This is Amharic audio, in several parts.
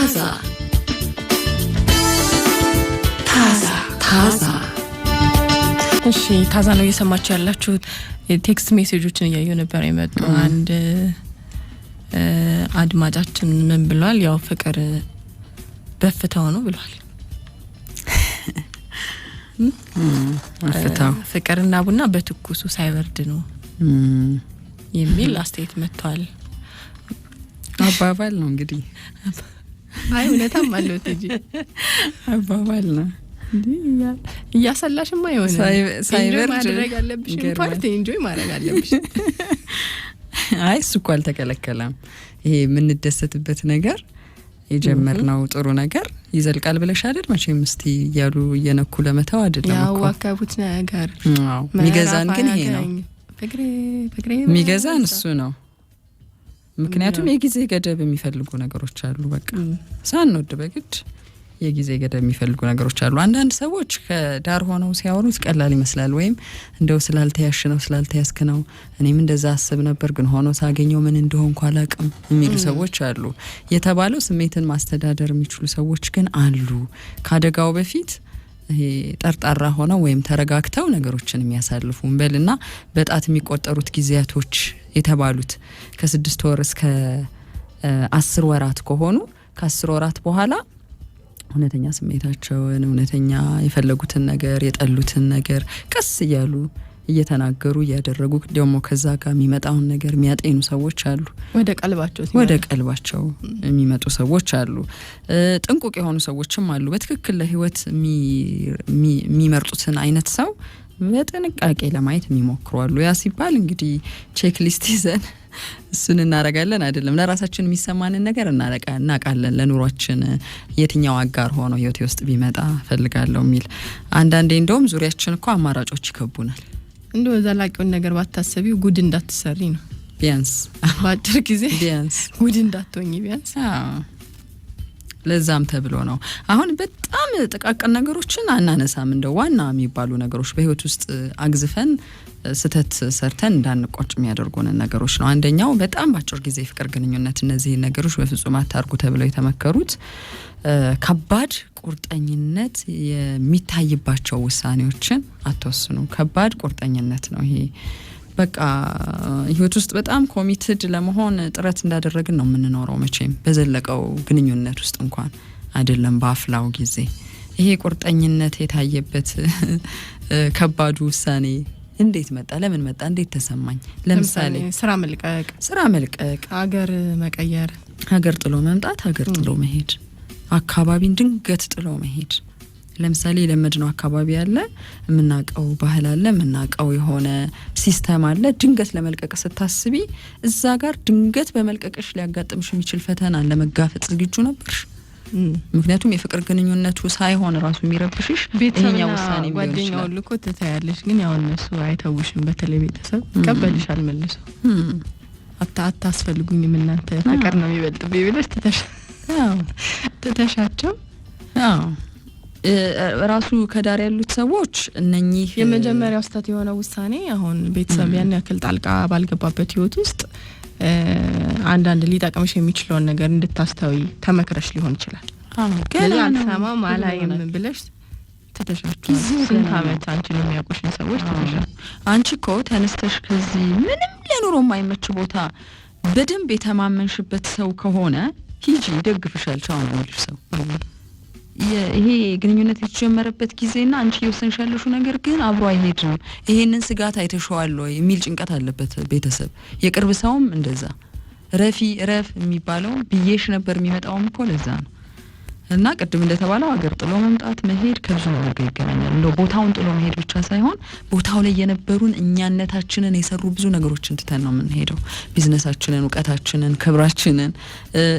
ታዛ ታዛ ታዛ እሺ ታዛ ነው እየሰማችሁ ያላችሁት። የቴክስት ሜሴጆችን እያየሁ ነበር የመጡ አንድ አድማጫችን ምን ብሏል? ያው ፍቅር በፍታው ነው ብሏል። ፍታው ፍቅርና ቡና በትኩሱ ሳይበርድ ነው የሚል አስተያየት መጥቷል። አባባል ነው እንግዲህ አይ እውነታም አለው ቲጂ አባባል ነው። እያሰላሽማ የሆነ ሳይበር ማድረግ አለብሽ፣ ፓርት ኢንጆይ ማድረግ አለብሽ። አይ እሱ እኮ አልተከለከለም። ይሄ የምንደሰትበት ነገር የጀመርነው ጥሩ ነገር ይዘልቃል ብለሽ አይደል መቼም። እስቲ እያሉ እየነኩ ለመተው አይደለም እኮ ያዋከቡት ነገር። የሚገዛን ግን ይሄ ነው፣ የሚገዛን እሱ ነው። ምክንያቱም የጊዜ ገደብ የሚፈልጉ ነገሮች አሉ። በቃ ሳንወድ በግድ የጊዜ ገደብ የሚፈልጉ ነገሮች አሉ። አንዳንድ ሰዎች ከዳር ሆነው ሲያወሩት ቀላል ይመስላል። ወይም እንደው ስላልተያሽ ነው ስላልተያስክ ነው እኔም እንደዛ አስብ ነበር ግን ሆኖ ሳገኘው ምን እንደሆንኩ አላቅም የሚሉ ሰዎች አሉ። የተባለው ስሜትን ማስተዳደር የሚችሉ ሰዎች ግን አሉ። ከአደጋው በፊት ይሄ ጠርጣራ ሆነው ወይም ተረጋግተው ነገሮችን የሚያሳልፉ እንበልና በጣት የሚቆጠሩት ጊዜያቶች የተባሉት ከስድስት ወር እስከ አስር ወራት ከሆኑ ከአስር ወራት በኋላ እውነተኛ ስሜታቸውን እውነተኛ የፈለጉትን ነገር የጠሉትን ነገር ቀስ እያሉ እየተናገሩ እያደረጉ ደግሞ ከዛ ጋር የሚመጣውን ነገር የሚያጤኑ ሰዎች አሉ። ወደ ቀልባቸው ወደ ቀልባቸው የሚመጡ ሰዎች አሉ። ጥንቁቅ የሆኑ ሰዎችም አሉ። በትክክል ለህይወት የሚመርጡትን አይነት ሰው በጥንቃቄ ለማየት የሚሞክሩ አሉ። ያ ሲባል እንግዲህ ቼክሊስት ይዘን እሱን እናረጋለን አይደለም። ለራሳችን የሚሰማንን ነገር እናቃለን። ለኑሯችን የትኛው አጋር ሆኖ ህይወቴ ውስጥ ቢመጣ ፈልጋለሁ የሚል አንዳንዴ እንደውም ዙሪያችን እኮ አማራጮች ይከቡናል። እንደ ዘላቂውን ነገር ባታሰቢው ጉድ እንዳትሰሪ ነው። ቢያንስ በአጭር ጊዜ ቢያንስ ጉድ እንዳትሆኝ ቢያንስ ለዛም ተብሎ ነው። አሁን በጣም ጥቃቅን ነገሮችን አናነሳም፣ እንደ ዋና የሚባሉ ነገሮች በህይወት ውስጥ አግዝፈን ስህተት ሰርተን እንዳንቆጭ የሚያደርጉንን ነገሮች ነው። አንደኛው በጣም በአጭር ጊዜ ፍቅር ግንኙነት፣ እነዚህ ነገሮች በፍጹም አታርጉ ተብለው የተመከሩት ከባድ ቁርጠኝነት የሚታይባቸው ውሳኔዎችን አትወስኑ። ከባድ ቁርጠኝነት ነው ይሄ በቃ ህይወት ውስጥ በጣም ኮሚትድ ለመሆን ጥረት እንዳደረግን ነው የምንኖረው። መቼም በዘለቀው ግንኙነት ውስጥ እንኳን አይደለም በአፍላው ጊዜ ይሄ ቁርጠኝነት የታየበት ከባዱ ውሳኔ እንዴት መጣ? ለምን መጣ? እንዴት ተሰማኝ? ለምሳሌ ስራ መልቀቅ፣ ስራ መልቀቅ፣ ሀገር መቀየር፣ ሀገር ጥሎ መምጣት፣ ሀገር ጥሎ መሄድ፣ አካባቢን ድንገት ጥሎ መሄድ ለምሳሌ የለመድነው አካባቢ አለ፣ የምናውቀው ባህል አለ፣ የምናውቀው የሆነ ሲስተም አለ። ድንገት ለመልቀቅ ስታስቢ እዛ ጋር ድንገት በመልቀቅሽ ሊያጋጥምሽ የሚችል ፈተና ለመጋፈጥ ዝግጁ ነበርሽ? ምክንያቱም የፍቅር ግንኙነቱ ሳይሆን ራሱ የሚረብሽሽ ቤተሰብና ጓደኛው ልኮ ትታያለሽ። ግን ያው እነሱ አይተውሽም። በተለይ ቤተሰብ ይቀበልሻል መልሶ አታስፈልጉኝም እናንተ ፍቅር ነው የሚበልጥብኝ ብለሽ ትተሻቸው ራሱ ከዳር ያሉት ሰዎች እነኚህ የመጀመሪያው ስህተት የሆነ ውሳኔ አሁን ቤተሰብ ያን ያክል ጣልቃ ባልገባበት ህይወት ውስጥ አንዳንድ ሊጠቅምሽ የሚችለውን ነገር እንድታስተዊ ተመክረሽ ሊሆን ይችላል። ግን አልሰማም አላይም ብለሽ ትተሻቸዋል። ስንት ዓመት አንቺን የሚያውቁሽን ሰዎች ትተሻል። አንቺ እኮ ተነስተሽ ከዚህ ምንም ለኑሮ የማይመች ቦታ በደንብ የተማመንሽበት ሰው ከሆነ ሂጂ፣ ይደግፍሻል። ቻው ነው ሰው ይሄ ግንኙነት የተጀመረበት ጊዜና አንቺ እየወሰንሽ ያለሽው ነገር ግን አብሮ አይሄድም፣ ይሄንን ስጋት አይተሸዋል ወይ የሚል ጭንቀት አለበት ቤተሰብ። የቅርብ ሰውም እንደዛ ረፊ ረፍ የሚባለው ብዬሽ ነበር የሚመጣውም እኮ ለዛ ነው። እና ቅድም እንደተባለው ሀገር ጥሎ መምጣት መሄድ ከብዙ ነገር ጋር ይገናኛል። እንደው ቦታውን ጥሎ መሄድ ብቻ ሳይሆን ቦታው ላይ የነበሩን እኛነታችንን የሰሩ ብዙ ነገሮችን ትተን ነው የምንሄደው። ቢዝነሳችንን፣ እውቀታችንን፣ ክብራችንን፣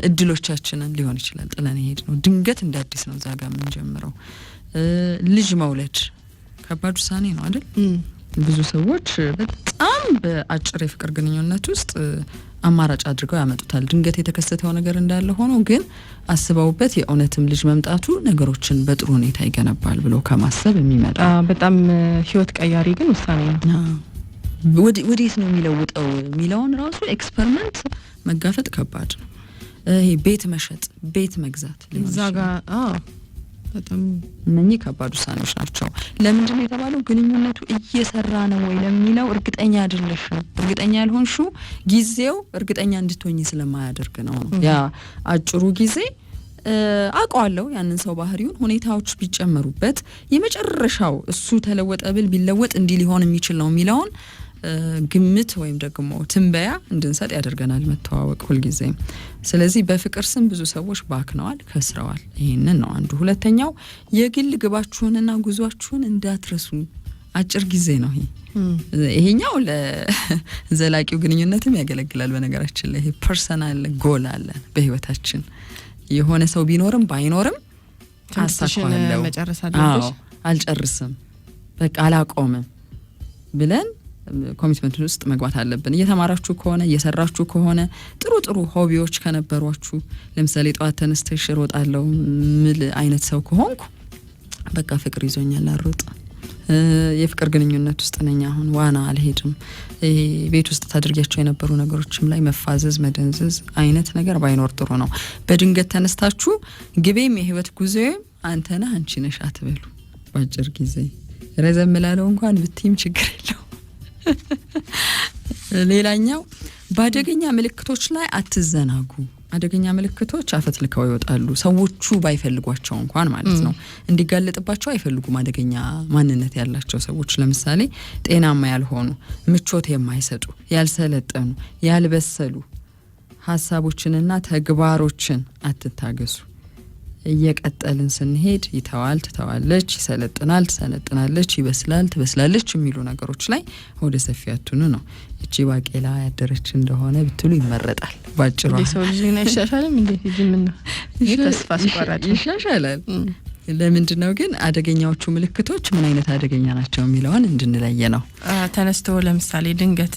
እድሎቻችንን ሊሆን ይችላል ጥለን ሄድ ነው። ድንገት እንደ አዲስ ነው እዛ ጋር የምንጀምረው። ልጅ መውለድ ከባድ ውሳኔ ነው አይደል? ብዙ ሰዎች በጣም በአጭር የፍቅር ግንኙነት ውስጥ አማራጭ አድርገው ያመጡታል። ድንገት የተከሰተው ነገር እንዳለ ሆኖ ግን አስበውበት የእውነትም ልጅ መምጣቱ ነገሮችን በጥሩ ሁኔታ ይገነባል ብሎ ከማሰብ የሚመጣ በጣም ህይወት ቀያሪ ግን ውሳኔ ነው። ወዴት ነው የሚለውጠው የሚለውን ራሱ ኤክስፐሪመንት መጋፈጥ ከባድ ነው። ይሄ ቤት መሸጥ፣ ቤት መግዛት እዛ ጋር በጣም እነኚህ ከባድ ውሳኔዎች ናቸው። ለምንድን ነው የተባለው? ግንኙነቱ እየሰራ ነው ወይ ለሚለው እርግጠኛ አይደለሽም። እርግጠኛ ያልሆንሽው ጊዜው እርግጠኛ እንድትሆኝ ስለማያደርግ ነው ነው ያ አጭሩ ጊዜ አውቀዋለሁ ያንን ሰው ባህሪውን ሁኔታዎች ቢጨመሩበት የመጨረሻው እሱ ተለወጠ ብል ቢለወጥ እንዲህ ሊሆን የሚችል ነው የሚለውን ግምት ወይም ደግሞ ትንበያ እንድንሰጥ ያደርገናል መተዋወቅ ሁልጊዜ ስለዚህ በፍቅር ስም ብዙ ሰዎች ባክነዋል፣ ከስረዋል። ይህንን ነው አንዱ። ሁለተኛው የግል ግባችሁንና ጉዟችሁን እንዳትረሱ። አጭር ጊዜ ነው ይሄ። ይሄኛው ለዘላቂው ግንኙነትም ያገለግላል። በነገራችን ላይ ይሄ ፐርሰናል ጎል አለን በህይወታችን የሆነ ሰው ቢኖርም ባይኖርም አሳኳለው አልጨርስም፣ በቃ አላቆምም ብለን ኮሚትመንት ውስጥ መግባት አለብን። እየተማራችሁ ከሆነ እየሰራችሁ ከሆነ ጥሩ ጥሩ ሆቢዎች ከነበሯችሁ፣ ለምሳሌ ጠዋት ተነስተሽ እሮጣለሁ ምል አይነት ሰው ከሆንኩ በቃ ፍቅር ይዞኛል አሮጥ የፍቅር ግንኙነት ውስጥ ነኝ አሁን ዋና አልሄድም። ቤት ውስጥ ታድርጊያቸው የነበሩ ነገሮችም ላይ መፋዘዝ፣ መደንዘዝ አይነት ነገር ባይኖር ጥሩ ነው። በድንገት ተነስታችሁ ግቤም የህይወት ጉዞዬም አንተና አንቺ ነሽ አትበሉ። ባጭር ጊዜ ረዘም ላለው እንኳን ብትይም ችግር የለው ሌላኛው በአደገኛ ምልክቶች ላይ አትዘናጉ። አደገኛ ምልክቶች አፈትልከው ይወጣሉ። ሰዎቹ ባይፈልጓቸው እንኳን ማለት ነው፣ እንዲጋለጥባቸው አይፈልጉም። አደገኛ ማንነት ያላቸው ሰዎች ለምሳሌ ጤናማ ያልሆኑ፣ ምቾት የማይሰጡ፣ ያልሰለጠኑ፣ ያልበሰሉ ሀሳቦችንና ተግባሮችን አትታገሱ። እየቀጠልን ስንሄድ ይተዋል፣ ትተዋለች፣ ይሰለጥናል፣ ትሰለጥናለች፣ ይበስላል፣ ትበስላለች የሚሉ ነገሮች ላይ ወደ ሰፊ ያቱኑ ነው። እቺ ባቄላ ያደረች እንደሆነ ብትሉ ይመረጣል። ባጭሩ ሰው ልጅ ግን አይሻሻልም እንዴ? ተስፋ አስቆራጭ ይሻሻላል። ለምንድን ነው ግን አደገኛዎቹ ምልክቶች ምን አይነት አደገኛ ናቸው የሚለውን እንድንለየ ነው። ተነስቶ ለምሳሌ ድንገት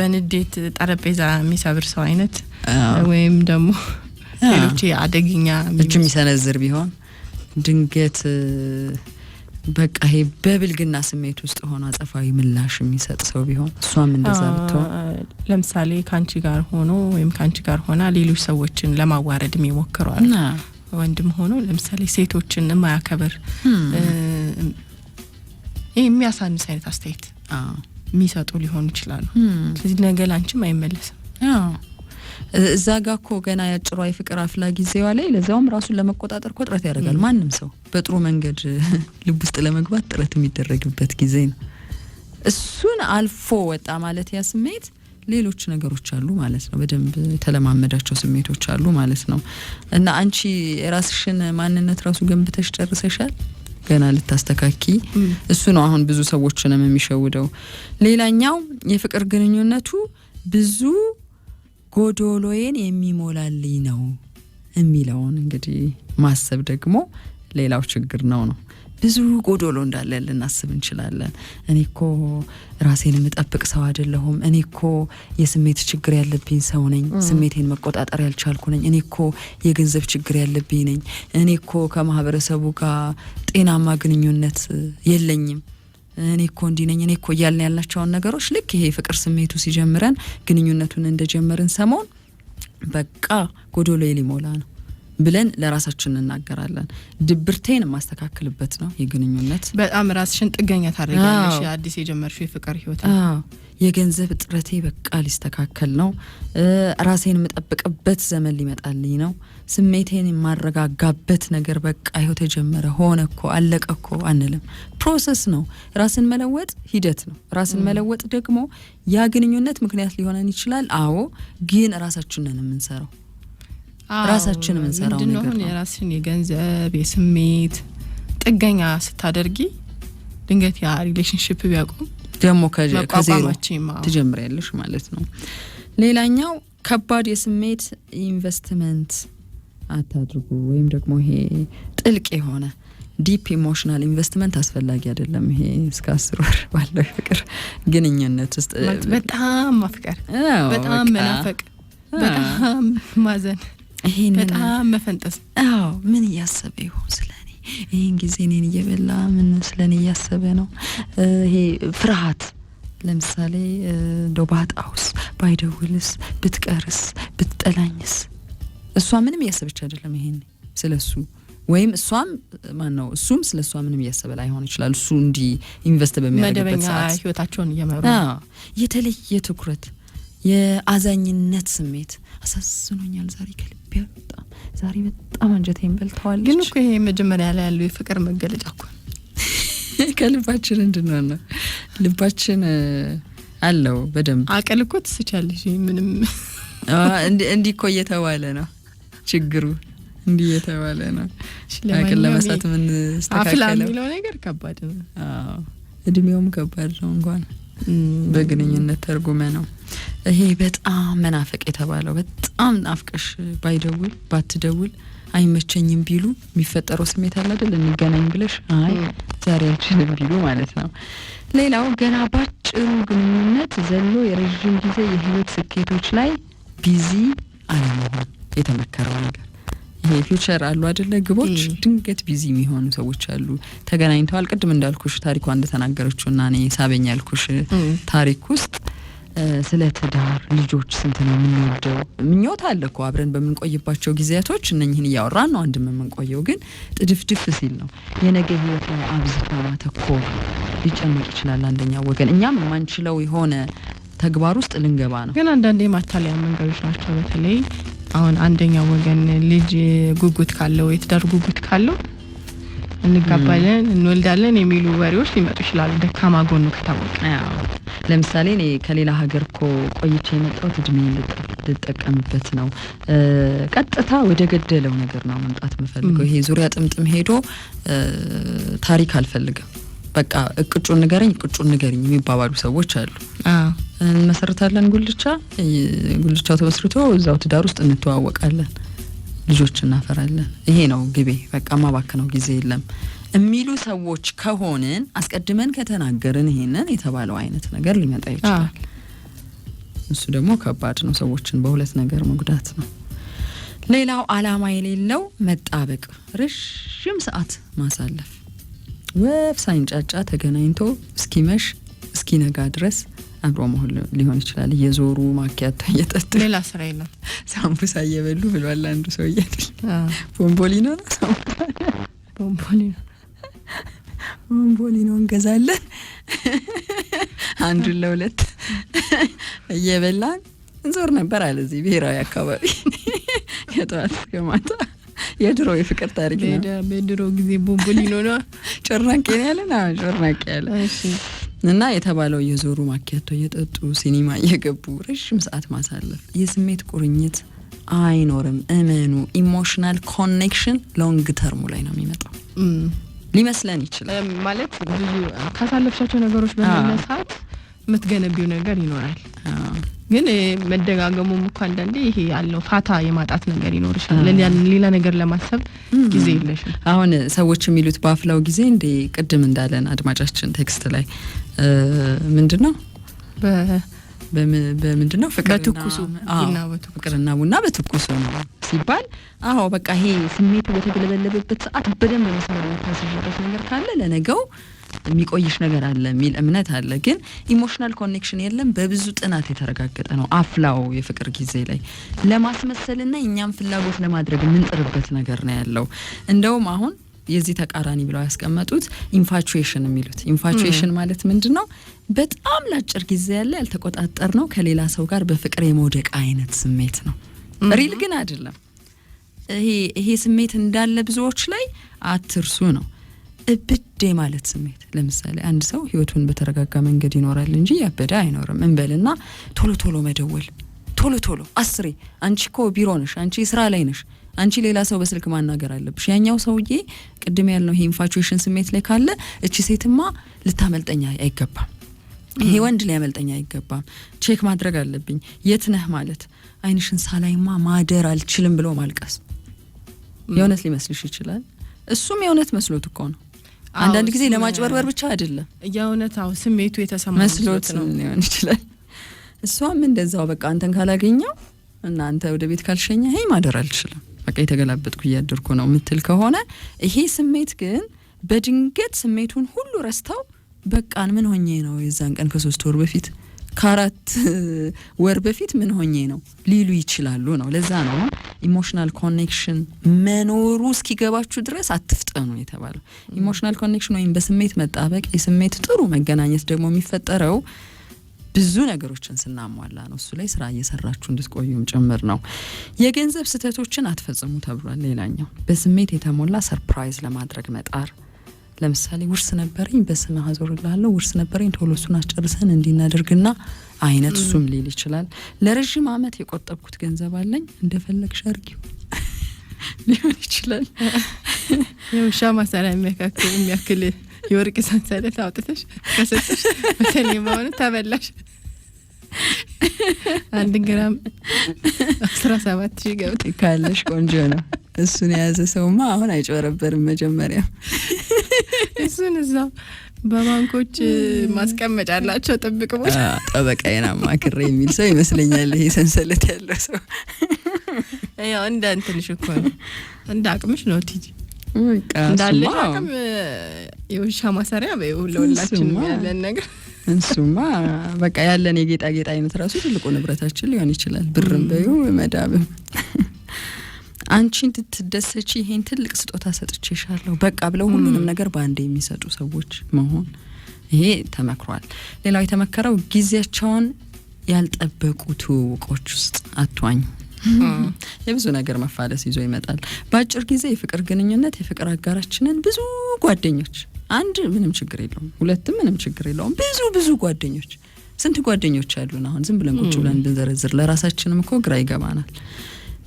በንዴት ጠረጴዛ የሚሰብር ሰው አይነት ወይም ደግሞ ሌሎች አደገኛ እጅ የሚሰነዝር ቢሆን ድንገት በቃ ይሄ በብልግና ስሜት ውስጥ ሆኖ አጸፋዊ ምላሽ የሚሰጥ ሰው ቢሆን እሷም እንደዛ ብትሆን ለምሳሌ ከአንቺ ጋር ሆኖ ወይም ከአንቺ ጋር ሆና ሌሎች ሰዎችን ለማዋረድ የሚሞክረዋል ወንድም ሆኖ ለምሳሌ ሴቶችን የማያከብር የሚያሳንስ አይነት አስተያየት የሚሰጡ ሊሆኑ ይችላሉ። ስለዚህ ነገ ላንቺም አይመለስም። እዛ ጋ እኮ ገና ያጭሯ የፍቅር አፍላ ጊዜዋ ላይ ለዛውም ራሱን ለመቆጣጠር እኮ ጥረት ያደርጋል ማንም ሰው በጥሩ መንገድ ልብ ውስጥ ለመግባት ጥረት የሚደረግበት ጊዜ ነው። እሱን አልፎ ወጣ ማለት ያ ስሜት ሌሎች ነገሮች አሉ ማለት ነው። በደንብ የተለማመዳቸው ስሜቶች አሉ ማለት ነው። እና አንቺ የራስሽን ማንነት ራሱ ገንብተሽ ጨርሰሻል። ገና ልታስተካኪ እሱ ነው አሁን ብዙ ሰዎችንም የሚሸውደው። ሌላኛው የፍቅር ግንኙነቱ ብዙ ጎዶሎዬን የሚሞላልኝ ነው የሚለውን እንግዲህ ማሰብ ደግሞ ሌላው ችግር ነው ነው ብዙ ጎዶሎ እንዳለ ልናስብ እንችላለን። እኔ ኮ ራሴን የምጠብቅ ሰው አይደለሁም። እኔ ኮ የስሜት ችግር ያለብኝ ሰው ነኝ። ስሜቴን መቆጣጠር ያልቻልኩ ነኝ። እኔ ኮ የገንዘብ ችግር ያለብኝ ነኝ። እኔ ኮ ከማህበረሰቡ ጋር ጤናማ ግንኙነት የለኝም እኔ እኮ እንዲህ ነኝ እኔ እኮ እያልን ያላቸውን ነገሮች ልክ ይሄ ፍቅር ስሜቱ ሲጀምረን ግንኙነቱን እንደጀመርን ሰሞን በቃ ጎዶሎ ሊሞላ ነው። ብለን ለራሳችን እንናገራለን። ድብርቴን የማስተካክልበት ነው የግንኙነት። በጣም ራስሽን ጥገኛ ታደርጊያለሽ። አዲስ የጀመርሽው የፍቅር ህይወት የገንዘብ እጥረቴ በቃ ሊስተካከል ነው። ራሴን የምጠብቅበት ዘመን ሊመጣልኝ ነው። ስሜቴን የማረጋጋበት ነገር በቃ ህይወት የጀመረ ሆነ እኮ አለቀ እኮ አንልም። ፕሮሰስ ነው። ራስን መለወጥ ሂደት ነው። ራስን መለወጥ ደግሞ ያ ግንኙነት ምክንያት ሊሆነን ይችላል። አዎ፣ ግን ራሳችንን የምንሰራው ራሳችን የምንሰራው ነገር ነው። የራስሽን የገንዘብ የስሜት ጥገኛ ስታደርጊ ድንገት ያ ሪሌሽንሽፕ ቢያቆም ደግሞ ከዜሮ ትጀምሪያለሽ ማለት ነው። ሌላኛው ከባድ የስሜት ኢንቨስትመንት አታድርጉ ወይም ደግሞ ይሄ ጥልቅ የሆነ ዲፕ ኢሞሽናል ኢንቨስትመንት አስፈላጊ አይደለም። ይሄ እስከ አስር ወር ባለው የፍቅር ግንኙነት ውስጥ በጣም ማፍቀር፣ በጣም መናፈቅ፣ በጣም ማዘን ይሄን በጣም መፈንጠስ። አዎ ምን እያሰበ ይሆን ስለ እኔ? ይህን ጊዜ እኔን እየበላ ምን ስለ እኔ እያሰበ ነው? ይሄ ፍርሃት ለምሳሌ ዶባጣውስ ባይደውልስ፣ ብትቀርስ፣ ብትጠላኝስ? እሷ ምንም እያሰበች አይደለም። ይሄን ስለ እሱ ወይም እሷም ማን ነው እሱም ስለ እሷ ምንም እያሰበ ላይሆን ይችላል። እሱ እንዲህ ኢንቨስት በሚያደርግበት ሰዓት ህይወታቸውን እየመሩ የተለየ ትኩረት፣ የአዛኝነት ስሜት አሳዝኖኛል ዛሬ ቢሆን በጣም ዛሬ በጣም አንጀቴን በልተዋለች። ግን እኮ ይሄ መጀመሪያ ላይ ያለው የፍቅር መገለጫ እኮ ከልባችን እንድንሆን ነው። ልባችን አለው በደንብ አቅል እኮ ትስቻለሽ። ምንም እንዲህ እኮ እየተባለ ነው ችግሩ፣ እንዲህ እየተባለ ነው አቅል ለመሳት ምን ስተካከለ የሚለው ነገር ከባድ ነው። እድሜውም ከባድ ነው እንኳን በግንኙነት ተርጉመ ነው። ይሄ በጣም መናፈቅ የተባለው በጣም ናፍቀሽ ባይደውል ባትደውል አይመቸኝም ቢሉ የሚፈጠረው ስሜት አለ አይደል? እንገናኝ ብለሽ አይ ዛሬ አልችልም ቢሉ ማለት ነው። ሌላው ገና ባጭሩ ግንኙነት ዘሎ የረዥም ጊዜ የህይወት ስኬቶች ላይ ቢዚ አለመሆን የተመከረው ነገር ይሄ ፊውቸር አሉ አደለ ግቦች ድንገት ቢዚ የሚሆኑ ሰዎች አሉ። ተገናኝተዋል። ቅድም እንዳልኩሽ ታሪኳ እንደተናገረችው እና እኔ ሳበኝ ያልኩሽ ታሪክ ውስጥ ስለ ትዳር፣ ልጆች ስንት ነው የምንወደው? ምኞት አለ እኮ አብረን በምንቆይባቸው ጊዜያቶች እነኝህን እያወራን ነው አንድም የምንቆየው፣ ግን ጥድፍድፍ ሲል ነው የነገ ህይወት ላይ አብዝቶ ማተኮር ሊጨምቅ ይችላል። አንደኛ ወገን እኛም የማንችለው የሆነ ተግባር ውስጥ ልንገባ ነው። ግን አንዳንድ የማታለያ መንገዶች ናቸው በተለይ አሁን አንደኛው ወገን ልጅ ጉጉት ካለው የትዳር ጉጉት ካለው እንጋባለን እንወልዳለን የሚሉ ወሬዎች ሊመጡ ይችላሉ። ደካማ ጎኑ ከታወቀ ለምሳሌ እኔ ከሌላ ሀገር እኮ ቆይቼ የመጣሁት እድሜ ልጠቀምበት ነው። ቀጥታ ወደ ገደለው ነገር ነው መምጣት የምፈልገው። ይሄ ዙሪያ ጥምጥም ሄዶ ታሪክ አልፈልግም። በቃ እቅጩን ንገረኝ እቅጩን ንገረኝ የሚባባሉ ሰዎች አሉ። እንመሰርታለን ጉልቻ ጉልቻው ተመስርቶ እዛው ትዳር ውስጥ እንተዋወቃለን፣ ልጆች እናፈራለን፣ ይሄ ነው ግቤ፣ በቃ ማባከነው ጊዜ የለም የሚሉ ሰዎች ከሆንን አስቀድመን ከተናገርን ይሄንን የተባለው አይነት ነገር ሊመጣ ይችላል። እሱ ደግሞ ከባድ ነው። ሰዎችን በሁለት ነገር መጉዳት ነው። ሌላው አላማ የሌለው መጣበቅ፣ ረዥም ሰዓት ማሳለፍ ወፍ ሳይንጫጫ ተገናኝቶ እስኪመሽ እስኪነጋ ድረስ አብሮ መሆን ሊሆን ይችላል። እየዞሩ ማኪያቶ እየጠጡ ሌላ ስራ የለም፣ ሳምቡሳ እየበሉ ብሏል አንዱ ሰው እያል ቦምቦሊኖ ነው ቦምቦሊኖ ቦምቦሊኖ እንገዛለን አንዱን ለሁለት እየበላን እንዞር ነበር አለ እዚህ ብሔራዊ አካባቢ ከጠዋት ማታ የድሮ የፍቅር ታሪክ ነው። በድሮ ጊዜ ቦምቦሊኖ ነው ጮርናቄ ያለን ጮርናቄ ያለ እና የተባለው የዞሩ ማኪያቶ እየጠጡ ሲኒማ እየገቡ ረዥም ሰዓት ማሳለፍ የስሜት ቁርኝት አይኖርም። እመኑ። ኢሞሽናል ኮኔክሽን ሎንግ ተርሙ ላይ ነው የሚመጣው ሊመስለን ይችላል። ማለት ብዙ ካሳለፍሻቸው ነገሮች በሚነሳት የምትገነቢው ነገር ይኖራል። ግን eh, መደጋገሙም እኮ አንዳንዴ ይሄ ያለው ፋታ የማጣት ነገር ይኖር ይችላል። ሌላ ነገር ለማሰብ ጊዜ የለሽም። አሁን ሰዎች የሚሉት በአፍላው ጊዜ እንዴ ቅድም እንዳለን አድማጫችን ቴክስት ላይ ምንድን ነው በምንድን ነው ፍቅርና ቡና በትኩሱ ነው ሲባል፣ አዎ በቃ ይሄ ስሜት በተገለበለበበት ሰዓት በደንብ መሰማት ነገር ካለ ለነገው የሚቆይሽ ነገር አለ የሚል እምነት አለ። ግን ኢሞሽናል ኮኔክሽን የለም። በብዙ ጥናት የተረጋገጠ ነው። አፍላው የፍቅር ጊዜ ላይ ለማስመሰልና እኛም ፍላጎት ለማድረግ የምንጥርበት ነገር ነው ያለው። እንደውም አሁን የዚህ ተቃራኒ ብለው ያስቀመጡት ኢንፋቹዌሽን የሚሉት ኢንፋቹዌሽን ማለት ምንድን ነው? በጣም ለአጭር ጊዜ ያለ ያልተቆጣጠር ነው ከሌላ ሰው ጋር በፍቅር የመውደቅ አይነት ስሜት ነው። ሪል ግን አይደለም። ይሄ ስሜት እንዳለ ብዙዎች ላይ አትርሱ ነው እብድ ማለት ስሜት ለምሳሌ አንድ ሰው ህይወቱን በተረጋጋ መንገድ ይኖራል እንጂ ያበደ አይኖርም እንበልና ቶሎ ቶሎ መደወል ቶሎ ቶሎ አስሬ አንቺ ኮ ቢሮ ነሽ፣ አንቺ ስራ ላይ ነሽ፣ አንቺ ሌላ ሰው በስልክ ማናገር አለብሽ። ያኛው ሰውዬ ቅድም ያልነው ይሄ ኢንፋቹዌሽን ስሜት ላይ ካለ እቺ ሴትማ ልታመልጠኛ አይገባም፣ ይሄ ወንድ ሊያመልጠኛ አይገባም፣ ቼክ ማድረግ አለብኝ፣ የት ነህ ማለት፣ አይንሽን ሳላይማ ማደር አልችልም ብሎ ማልቀስ የእውነት ሊመስልሽ ይችላል። እሱም የእውነት መስሎት እኮ ነው አንዳንድ ጊዜ ለማጭበርበር ብቻ አይደለም። የእውነት አዎ፣ ስሜቱ የተሰማ መስሎት ነው ሊሆን ይችላል። እሷም እንደዛው በቃ አንተን ካላገኘው እናንተ ወደ ቤት ካልሸኘ ሄይ ማደር አልችልም፣ በቃ የተገላበጥኩ እያደርኩ ነው የምትል ከሆነ ይሄ ስሜት ግን በድንገት ስሜቱን ሁሉ ረስተው በቃን ምን ሆኜ ነው የዛን ቀን ከሶስት ወር በፊት ከአራት ወር በፊት ምን ሆኜ ነው ሊሉ ይችላሉ ነው። ለዛ ነው ኢሞሽናል ኮኔክሽን መኖሩ እስኪገባችሁ ድረስ አትፍጠኑ የተባለው። ኢሞሽናል ኮኔክሽን ወይም በስሜት መጣበቅ የስሜት ጥሩ መገናኘት ደግሞ የሚፈጠረው ብዙ ነገሮችን ስናሟላ ነው። እሱ ላይ ስራ እየሰራችሁ እንድትቆዩም ጭምር ነው። የገንዘብ ስህተቶችን አትፈጽሙ ተብሏል። ሌላኛው በስሜት የተሞላ ሰርፕራይዝ ለማድረግ መጣር ለምሳሌ ውርስ ነበረኝ በስም ላለው ውርስ ነበረኝ ቶሎ እሱን አስጨርሰን እንዲናደርግና አይነት እሱም ሊል ይችላል። ለረዥም አመት የቆጠብኩት ገንዘብ አለኝ እንደፈለግ አድርጊው ሊሆን ይችላል። የውሻ ማሰሪያ የሚያክል የወርቅ ሰንሰለት አውጥተሽ ከሰጠሽ በተለይ መሆኑ ተበላሽ። አንድ ግራም አስራ ሰባት ሺህ ገብት ካለሽ ቆንጆ ነው። እሱን የያዘ ሰውማ አሁን አይጨበረበርም። መጀመሪያ እሱን እዛው በባንኮች ማስቀመጫ አላቸው። ጥብቅ ቦታ ጠበቃዬን አማክሬ የሚል ሰው ይመስለኛል። ይሄ ሰንሰለት ያለው ሰው ያው እንደ እንትንሽ እኮ ነው፣ እንደ አቅምሽ ነው ቲጂ እንዳለሽ አቅም የውሻ ማሰሪያ በሁለሁላችን ያለን ነገር እንሱማ በቃ ያለን የጌጣጌጥ አይነት ራሱ ትልቁ ንብረታችን ሊሆን ይችላል። ብርም በዩ መዳብም አንቺን ትደሰች ይሄን ትልቅ ስጦታ ሰጥቼሻለሁ በቃ ብለው ሁሉንም ነገር በአንድ የሚሰጡ ሰዎች መሆን ይሄ ተመክሯል። ሌላው የተመከረው ጊዜያቸውን ያልጠበቁ ትውውቆች ውስጥ አቷኝ የብዙ ነገር መፋለስ ይዞ ይመጣል። በአጭር ጊዜ የፍቅር ግንኙነት የፍቅር አጋራችንን ብዙ ጓደኞች አንድ ምንም ችግር የለውም፣ ሁለትም ምንም ችግር የለውም። ብዙ ብዙ ጓደኞች ስንት ጓደኞች ያሉን አሁን ዝም ብለን ቁጭ ብለን ብንዘረዝር ለራሳችንም እኮ ግራ ይገባናል።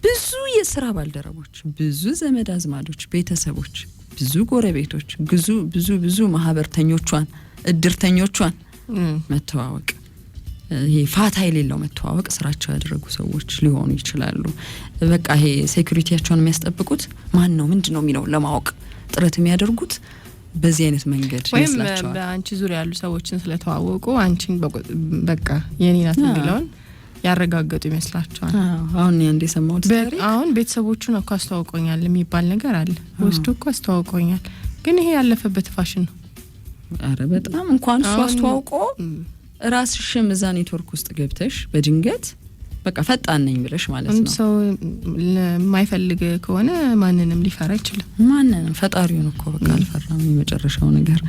ብዙ የስራ ባልደረቦች፣ ብዙ ዘመድ አዝማዶች፣ ቤተሰቦች፣ ብዙ ጎረቤቶች፣ ብዙ ብዙ ብዙ ማህበርተኞቿን፣ እድርተኞቿን መተዋወቅ ይሄ ፋታ የሌለው መተዋወቅ ስራቸው ያደረጉ ሰዎች ሊሆኑ ይችላሉ። በቃ ይሄ ሴኩሪቲያቸውን የሚያስጠብቁት ማን ነው ምንድን ነው የሚለውን ለማወቅ ጥረት የሚያደርጉት በዚህ አይነት መንገድ ወይም በአንቺ ዙሪያ ያሉ ሰዎችን ስለተዋወቁ አንቺን በቃ የኔ ናት የሚለውን ያረጋገጡ ይመስላቸዋል። አሁን አንድ የሰማሁት አሁን ቤተሰቦቹን እኮ አስተዋውቆኛል የሚባል ነገር አለ። ወስዱ እኮ አስተዋውቆኛል፣ ግን ይሄ ያለፈበት ፋሽን ነው። አረ በጣም እንኳን እሱ አስተዋውቆ ራስሽም እዛ ኔትወርክ ውስጥ ገብተሽ በድንገት በቃ ፈጣን ነኝ ብለሽ ማለት ነው። ሰው የማይፈልግ ከሆነ ማንንም ሊፈራ አይችልም። ማንንም ፈጣሪውን እኮ በቃ አልፈራም። የመጨረሻው ነገር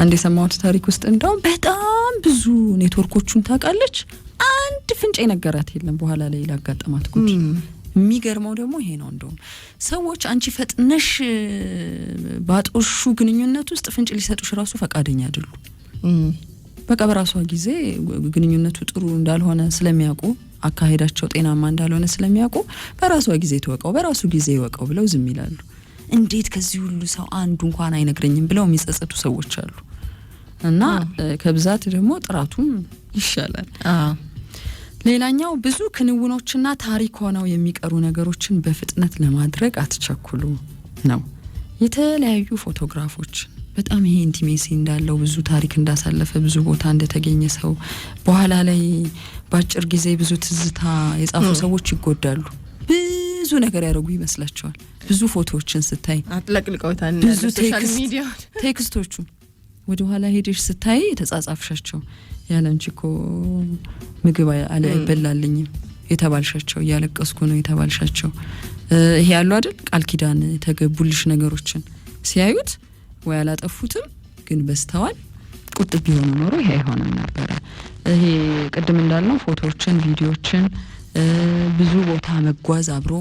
አንድ የሰማሁት ታሪክ ውስጥ እንደውም በጣም ብዙ ኔትወርኮቹን ታውቃለች። አንድ ፍንጭ የነገራት የለም። በኋላ ላይ ላጋጠማት ጉድ የሚገርመው ደግሞ ይሄ ነው። እንደውም ሰዎች አንቺ ፈጥነሽ ባጦሹ ግንኙነት ውስጥ ፍንጭ ሊሰጡሽ ራሱ ፈቃደኛ አይደሉ። በቃ በራሷ ጊዜ ግንኙነቱ ጥሩ እንዳልሆነ ስለሚያውቁ አካሄዳቸው ጤናማ እንዳልሆነ ስለሚያውቁ በራሷ ጊዜ ትወቀው፣ በራሱ ጊዜ ይወቀው ብለው ዝም ይላሉ። እንዴት ከዚህ ሁሉ ሰው አንዱ እንኳን አይነግረኝም ብለው የሚጸጸቱ ሰዎች አሉ። እና ከብዛት ደግሞ ጥራቱም ይሻላል። ሌላኛው ብዙ ክንውኖችና ታሪክ ሆነው የሚቀሩ ነገሮችን በፍጥነት ለማድረግ አትቸኩሉ ነው። የተለያዩ ፎቶግራፎች በጣም ይሄ ኢንቲሜሲ እንዳለው ብዙ ታሪክ እንዳሳለፈ ብዙ ቦታ እንደተገኘ ሰው በኋላ ላይ በአጭር ጊዜ ብዙ ትዝታ የጻፉ ሰዎች ይጎዳሉ። ብዙ ነገር ያደረጉ ይመስላቸዋል። ብዙ ፎቶዎችን ስታይ አጥለቅልቀውታል። ብዙ ቴክስቶቹ ወደኋላ ሄደሽ ስታይ የተጻጻፍሻቸው ያለንቺ እኮ ምግብ አይበላልኝም የተባልሻቸው እያለቀስኩ ነው የተባልሻቸው ይሄ ያሉ አይደል ቃል ኪዳን የተገቡልሽ ነገሮችን ሲያዩት ወይ አላጠፉትም ግን በስተዋል ቁጥብ ቢሆኑ ኖሮ ይሄ አይሆንም ነበረ። ይሄ ቅድም እንዳልነው ፎቶዎችን፣ ቪዲዮዎችን ብዙ ቦታ መጓዝ አብሮ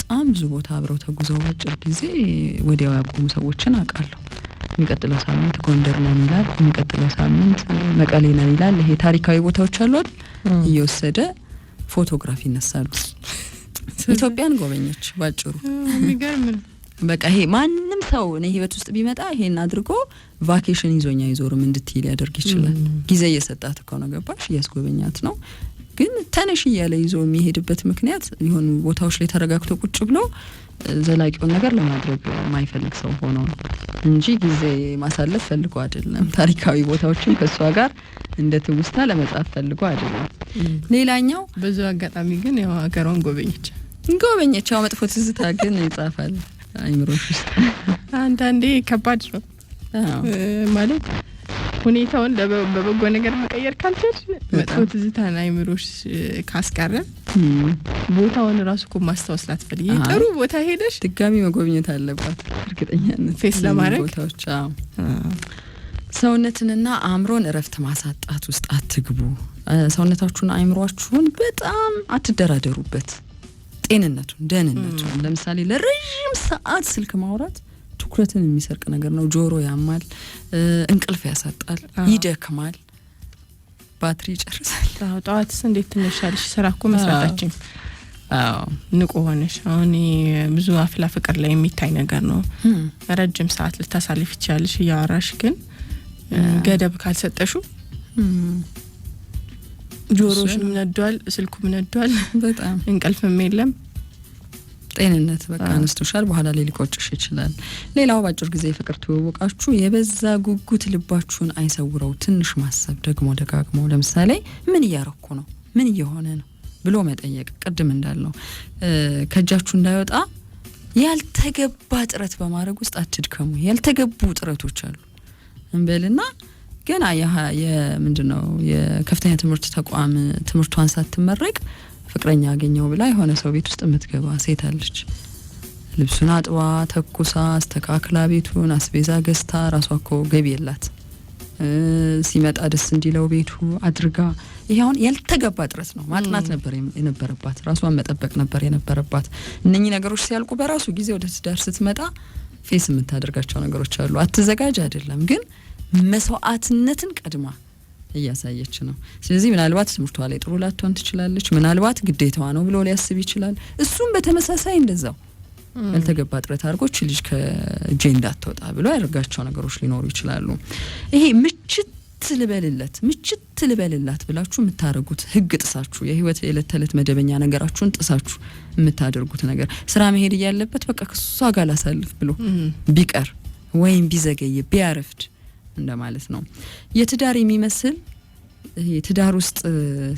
በጣም ብዙ ቦታ አብረው ተጉዘው አጭር ጊዜ ወዲያው ያቆሙ ሰዎችን አውቃለሁ። የሚቀጥለው ሳምንት ጎንደር ነን ይላል፣ የሚቀጥለው ሳምንት መቀሌ ነን ይላል። ይሄ ታሪካዊ ቦታዎች አሏል እየወሰደ ፎቶግራፍ ይነሳሉ። ኢትዮጵያን ጎበኞች ባጭሩ። በቃ ይሄ ማንም ሰው እኔ ህይወት ውስጥ ቢመጣ ይሄን አድርጎ ቫኬሽን ይዞኛ ይዞርም እንድትይ ሊያደርግ ይችላል። ጊዜ እየሰጣት እኮ ነው፣ ገባሽ? እያስጎበኛት ነው። ግን ተነሽ እያለ ይዞ የሚሄድበት ምክንያት የሆኑ ቦታዎች ላይ ተረጋግቶ ቁጭ ብሎ ዘላቂውን ነገር ለማድረግ የማይፈልግ ሰው ሆኖ ነው እንጂ ጊዜ ማሳለፍ ፈልጎ አይደለም። ታሪካዊ ቦታዎችን ከእሷ ጋር እንደ ትውስታ ለመጻፍ ፈልጎ አይደለም። ሌላኛው ብዙ አጋጣሚ ግን ያው ሀገሯን ጎበኘች ጎበኘች ያው መጥፎ ትዝታ ግን ይጻፋል። አይምሮ አንዳንዴ ከባድ ነው ማለት ሁኔታውን በበጎ ነገር መቀየር ካልቻል መጥፎ ትዝታን አይምሮሽ ካስቀረ ቦታውን ራሱ እኮ ማስታወስ ላትፈልጊ ጥሩ ቦታ ሄደሽ ድጋሚ መጎብኘት አለባት። እርግጠኛነት ፌስ ለማድረግ ቦታዎች ሰውነትንና አእምሮን እረፍት ማሳጣት ውስጥ አትግቡ። ሰውነታችሁን አይምሯችሁን በጣም አትደራደሩበት። ጤንነቱን፣ ደህንነቱን ለምሳሌ ለረዥም ሰዓት ስልክ ማውራት ትኩረትን የሚሰርቅ ነገር ነው። ጆሮ ያማል፣ እንቅልፍ ያሳጣል፣ ይደክማል፣ ባትሪ ይጨርሳል። ጠዋትስ እንዴት ትነሻለሽ? ስራ እኮ መስራታችን ንቁ ሆነሽ አሁን ብዙ አፍላ ፍቅር ላይ የሚታይ ነገር ነው። ረጅም ሰዓት ልታሳልፍ ይችላለሽ እያወራሽ ግን ገደብ ካልሰጠሹ ጆሮሽም ነዷል፣ ስልኩም ነዷል። በጣም እንቅልፍም የለም። ጤንነት በቃ አንስቶሻል። በኋላ ላይ ሊቆጭሽ ይችላል። ሌላው በአጭር ጊዜ ፍቅር ትውውቃችሁ የበዛ ጉጉት ልባችሁን አይሰውረው። ትንሽ ማሰብ ደግሞ ደጋግሞ፣ ለምሳሌ ምን እያረኩ ነው፣ ምን እየሆነ ነው ብሎ መጠየቅ። ቅድም እንዳልነው ከእጃችሁ እንዳይወጣ ያልተገባ ጥረት በማድረግ ውስጥ አትድከሙ። ያልተገቡ ጥረቶች አሉ እንበልና ገና የምንድን ነው የከፍተኛ ትምህርት ተቋም ትምህርቷን ሳትመረቅ ፍቅረኛ አገኘው ብላ የሆነ ሰው ቤት ውስጥ የምትገባ ሴት አለች። ልብሱን አጥባ ተኩሳ አስተካክላ ቤቱን አስቤዛ ገዝታ ራሷ ኮ ገቢ የላት ሲመጣ ደስ እንዲለው ቤቱ አድርጋ ይሄ አሁን ያልተገባ ጥረት ነው። ማጥናት ነበር የነበረባት፣ ራሷን መጠበቅ ነበር የነበረባት። እነኚህ ነገሮች ሲያልቁ በራሱ ጊዜ ወደ ትዳር ስትመጣ ፌስ የምታደርጋቸው ነገሮች አሉ። አትዘጋጅ አይደለም ግን መስዋዕትነትን ቀድማ እያሳየች ነው። ስለዚህ ምናልባት ትምህርቷ ላይ ጥሩ ላትሆን ትችላለች። ምናልባት ግዴታዋ ነው ብሎ ሊያስብ ይችላል። እሱም በተመሳሳይ እንደዛው ያልተገባ ጥረት አድርጎች ልጅ ከእጄ እንዳትወጣ ብሎ ያደርጋቸው ነገሮች ሊኖሩ ይችላሉ። ይሄ ምችት ልበልለት ምችት ልበልላት ብላችሁ የምታደርጉት ህግ ጥሳችሁ የህይወት የዕለት ተዕለት መደበኛ ነገራችሁን ጥሳችሁ የምታደርጉት ነገር ስራ መሄድ እያለበት በቃ ከሷ ጋር ላሳልፍ ብሎ ቢቀር ወይም ቢዘገይ ቢያረፍድ እንደማለት ነው። የትዳር የሚመስል የትዳር ውስጥ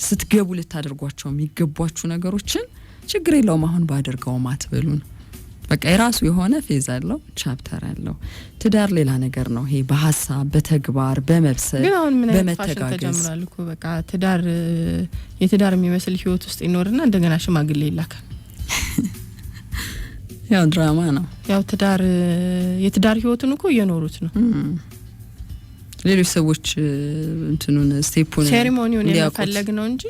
ስትገቡ ልታደርጓቸው የሚገቧችሁ ነገሮችን ችግር የለውም አሁን ባደርገውም አትበሉን። በቃ የራሱ የሆነ ፌዝ አለው፣ ቻፕተር አለው። ትዳር ሌላ ነገር ነው። ይሄ በሀሳብ በተግባር በመብሰል በመተጋገዝ በቃ ትዳር የትዳር የሚመስል ህይወት ውስጥ ይኖርና እንደገና ሽማግሌ ይላካል። ያው ድራማ ነው። ያው ትዳር የትዳር ህይወትን እኮ እየኖሩት ነው። ሌሎች ሰዎች እንትኑን ስቴፑን ሴሪሞኒውን የመፈለግ ነው እንጂ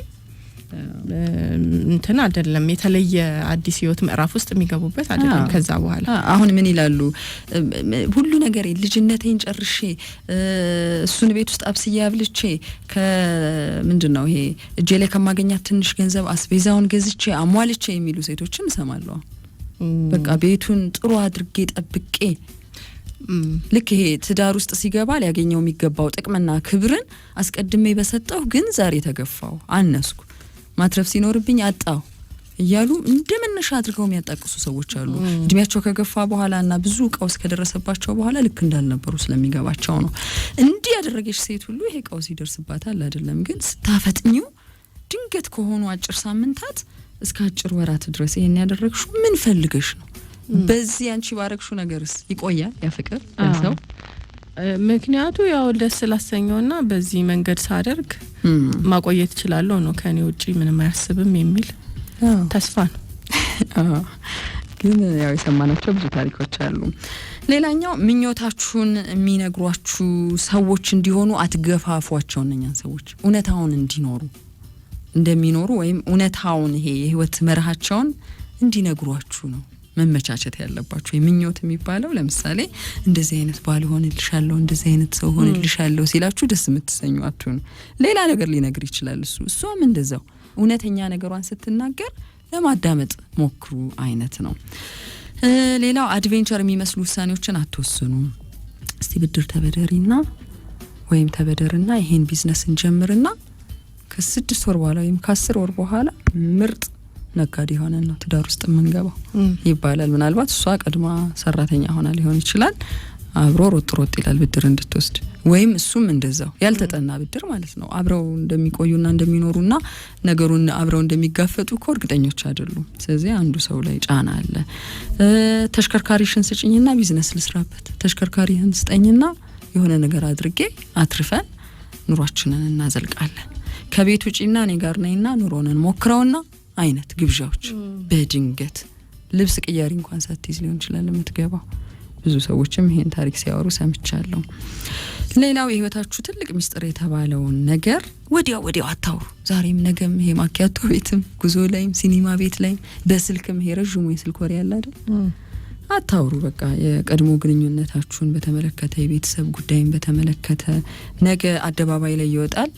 እንትን አይደለም። የተለየ አዲስ ህይወት ምዕራፍ ውስጥ የሚገቡበት አይደለም። ከዛ በኋላ አሁን ምን ይላሉ? ሁሉ ነገር ልጅነቴን ጨርሼ እሱን ቤት ውስጥ አብስዬ አብልቼ ከምንድን ነው ይሄ እጄ ላይ ከማገኛት ትንሽ ገንዘብ አስቤዛውን ገዝቼ አሟልቼ የሚሉ ሴቶችን እሰማለሁ። በቃ ቤቱን ጥሩ አድርጌ ጠብቄ ልክ ይሄ ትዳር ውስጥ ሲገባ ሊያገኘው የሚገባው ጥቅምና ክብርን አስቀድሜ በሰጠሁ ግን ዛሬ ተገፋው፣ አነስኩ፣ ማትረፍ ሲኖርብኝ አጣው እያሉ እንደ መነሻ አድርገው የሚያጣቅሱ ሰዎች አሉ። እድሜያቸው ከገፋ በኋላ እና ብዙ ቀውስ ከደረሰባቸው በኋላ ልክ እንዳልነበሩ ስለሚገባቸው ነው። እንዲህ ያደረገች ሴት ሁሉ ይሄ ቀውስ ይደርስባታል አይደለም። ግን ስታፈጥኙ ድንገት ከሆኑ አጭር ሳምንታት እስከ አጭር ወራት ድረስ ይሄን ያደረግሽው ምን ፈልገሽ ነው? በዚህ አንቺ ባረግሹ ነገርስ ይቆያል ያ ፍቅር ሰው ምክንያቱ ያው ደስ ስላሰኘውና በዚህ መንገድ ሳደርግ ማቆየት እችላለሁ ነው። ከኔ ውጪ ምንም አያስብም የሚል ተስፋ ነው። ግን ያው የሰማናቸው ብዙ ታሪኮች አሉ። ሌላኛው ምኞታችሁን የሚነግሯችሁ ሰዎች እንዲሆኑ አትገፋፏቸው። እነኛን ሰዎች እውነታውን እንዲኖሩ እንደሚኖሩ ወይም እውነታውን ይሄ የህይወት መርሃቸውን እንዲነግሯችሁ ነው መመቻቸት ያለባችሁ። የምኞት የሚባለው ለምሳሌ እንደዚህ አይነት ባል ሆንልሻለሁ፣ እንደዚህ አይነት ሰው ሆንልሻለሁ ሲላችሁ ደስ የምትሰኙ አትሁኑ። ሌላ ነገር ሊነግር ይችላል እሱ እሷም እንደዛው እውነተኛ ነገሯን ስትናገር ለማዳመጥ ሞክሩ አይነት ነው። ሌላው አድቬንቸር የሚመስሉ ውሳኔዎችን አትወስኑ። እስቲ ብድር ተበደሪና ወይም ተበደርና ይሄን ቢዝነስ እንጀምርና ከስድስት ወር በኋላ ወይም ከአስር ወር በኋላ ምርጥ ነጋዴ የሆነን ነው ትዳር ውስጥ የምንገባው ይባላል። ምናልባት እሷ ቀድማ ሰራተኛ ሆና ሊሆን ይችላል። አብሮ ሮጥ ሮጥ ይላል ብድር እንድትወስድ ወይም እሱም እንደዛው ያልተጠና ብድር ማለት ነው። አብረው እንደሚቆዩና እንደሚኖሩና ነገሩን አብረው እንደሚጋፈጡ እኮ እርግጠኞች አይደሉም። ስለዚህ አንዱ ሰው ላይ ጫና አለ። ተሽከርካሪሽን ስጭኝና ቢዝነስ ልስራበት፣ ተሽከርካሪህን ስጠኝና የሆነ ነገር አድርጌ አትርፈን ኑሯችንን እናዘልቃለን። ከቤት ውጪና እኔ ጋር ነኝና ኑሮንን ሞክረውና አይነት ግብዣዎች በድንገት ልብስ ቅያሪ እንኳን ሳትይዝ ሊሆን ይችላል የምትገባው። ብዙ ሰዎችም ይሄን ታሪክ ሲያወሩ ሰምቻለሁ። ሌላው የህይወታችሁ ትልቅ ሚስጥር የተባለውን ነገር ወዲያው ወዲያው አታውሩ። ዛሬም ነገም ይሄ ማኪያቶ ቤትም፣ ጉዞ ላይም፣ ሲኒማ ቤት ላይም፣ በስልክም ይሄ ረዥሙ የስልክ ወሬ ያለ አይደል አታውሩ። በቃ የቀድሞ ግንኙነታችሁን በተመለከተ የቤተሰብ ጉዳይን በተመለከተ ነገ አደባባይ ላይ ይወጣል።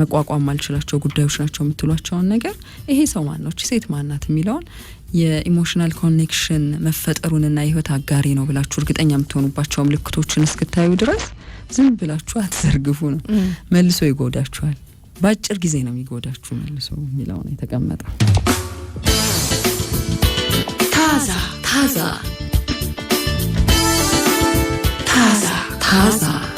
መቋቋም ማልችላቸው ጉዳዮች ናቸው የምትሏቸውን ነገር ይሄ ሰው ማነች፣ ሴት ማናት የሚለውን የኢሞሽናል ኮኔክሽን መፈጠሩንና የህይወት አጋሪ ነው ብላችሁ እርግጠኛ የምትሆኑባቸው ምልክቶችን እስክታዩ ድረስ ዝም ብላችሁ አትዘርግፉ ነው። መልሶ ይጎዳችኋል። በአጭር ጊዜ ነው የሚጎዳችሁ መልሶ የሚለው ነው የተቀመጠው። ታዛ ታዛ ታዛ ታዛ